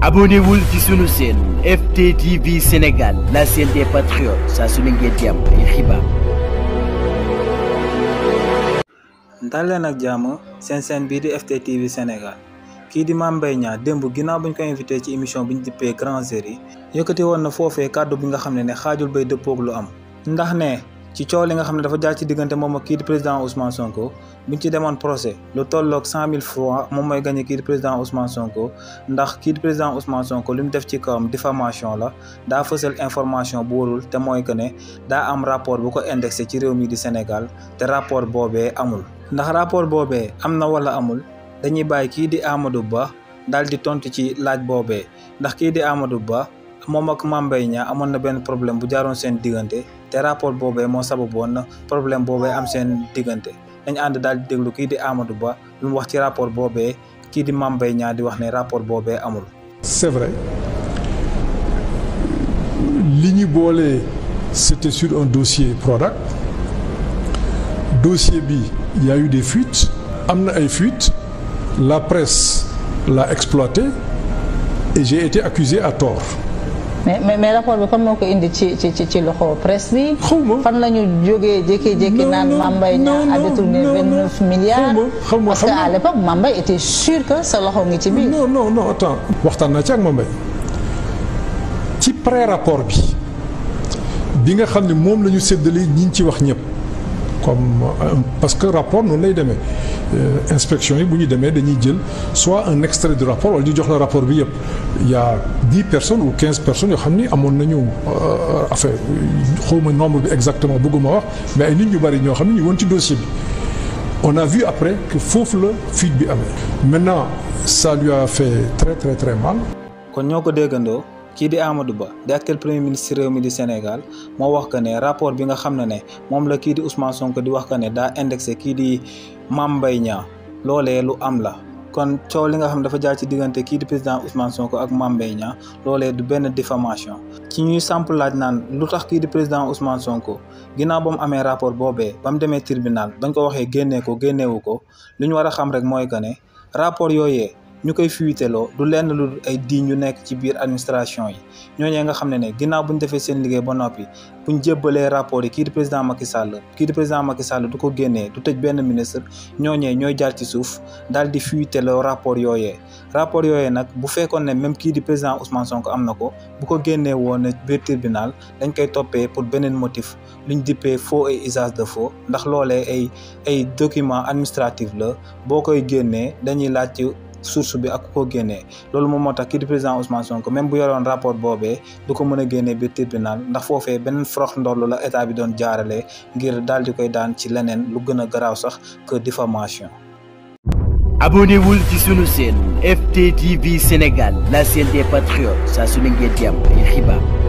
abonnewul ci sunu chaîne FTTV Sénégal la chaîne des patriotes saa sunu ngeen di am xibaar. dal ak jàmm seen seen bii di FTTV Sénégal kii di Mame Mbaye Niang démb ginnaaw bu ñu ko invité ci émission bi ñu dippee Grand Jury yëkkati woon na foofee kàddu bi nga xam ne ne xaajul bay dëppoog lu am ndax ne. ci coow li nga xam ne dafa jaar ci diggante moom ak kii di président Ousmane Sonko buñ ci demoon procès lu tolloog cent mille francs moom mooy gagné kii di président Ousmane Sonko ndax kii di président Ousmane Sonko li mu def ci kawam diffamation la daa fësal information bu warul te mooy que ne daa am rapport bu ko indexé ci réew mi di Sénégal te rapport boobee amul. ndax rapport boobee am na wala amul dañuy bàyyi kii di Amadou Ba daal di tontu ci laaj boobee ndax kii di Amadou Ba. mom ak Mame Mbaye Niang na problème bu jaron sen diggante té rapport boobee moo sababoon problème bobé am sen diggante dañ and dal di déglu di Amadou Ba lu wax ci rapport Bobé ki di di wax né rapport bobé amul. c'est vrai li ñu c'était sur un dossier product. dossier bi il y a eu des fuites amna a ay fuites la presse l'a exploité et j'ai été accusé à tort. mais mais mais rapport bi kon moo ko indi ci ci ci ci loxo presse bi. xawma fan la ñu jógee jékki-jékki naan Mambay ñaa a détourné vingt-neuf milliards. xawma parce que à l'époque Mambay était sûr que sa loxo ngi ci biir. no non non attends waxtaan naa ci ak Mambay ci pré rapport bi bi nga xam ne moom lañu ñu séddalee ci wax ñëpp. comme euh, parce que rapport nous lay demee euh, inspection yi bu demain demee dañuy jël soit un extrait du rapport wala ñu jox la rapport bi il y a dix personnes ou quinze personnes yoo xam ni amoon nañu euh, affaire xawma nombre bi exactement beaucoup wax mais ay nit ñu bari ñoo xam ne ñu woon ci dossier bi on a vu après que foofu fit fuite bi maintenant ça lui a fait très très très mal kon ñoo ko ki di amadou ba di actuel premier ministre rew mi di senegal mo wax ka ne rapport bi nga xam ne mom la ki di ousmane sonko di wax ka ne da indexer ki di mambay nya lolé lu am la kon ciow li nga xam dafa jaar ci ki di président Ousmane Sonko ak Mame Mbaye lolé du ben diffamation ci ñuy samp laaj naan lutax ki di président Ousmane Sonko ginaaw bam amé rapport bobé bam démé tribunal dañ ko waxé génné ko génneewu ko lu wara xam rek moy rapport yoyé ñu koy fuyuteloo du lenn lu ay diin yu nekk ci biir administration yi ñooñee nga xamne ne ne ginnaaw bu ñu seen liggéey ba nopi bu jébalé rapport yi ki di président Macky Sall ki di président Macky Sall du ko génné du tëj benn ministre ñooñee ñoy jaar ci suuf dal di fuyuteloo rapport yoyé rapport yoyé nak bu fekkoon ne même ki di président Ousmane Sonko am ko bu ko génné woon biir tribunal dañ koy topé pour beneen motif luñ dippé faux et usage de faux ndax loolee ay ay document administratif la bokoy génné dañuy laaj source bi ak ko génnee loolu moom moo tax kii di président Ousmane Sonko même bu yoroon rapport boobee du ko mën a génnee biir tribunal ndax foofee beneen forox ndollu la état bi doon jaarale ngir daal di koy daan ci leneen lu gën a garaaw sax que diffamation abonnez-vous ci sunu chaîne FTTV Sénégal la chaîne des patriotes saa su ne ngeen di ay xibaar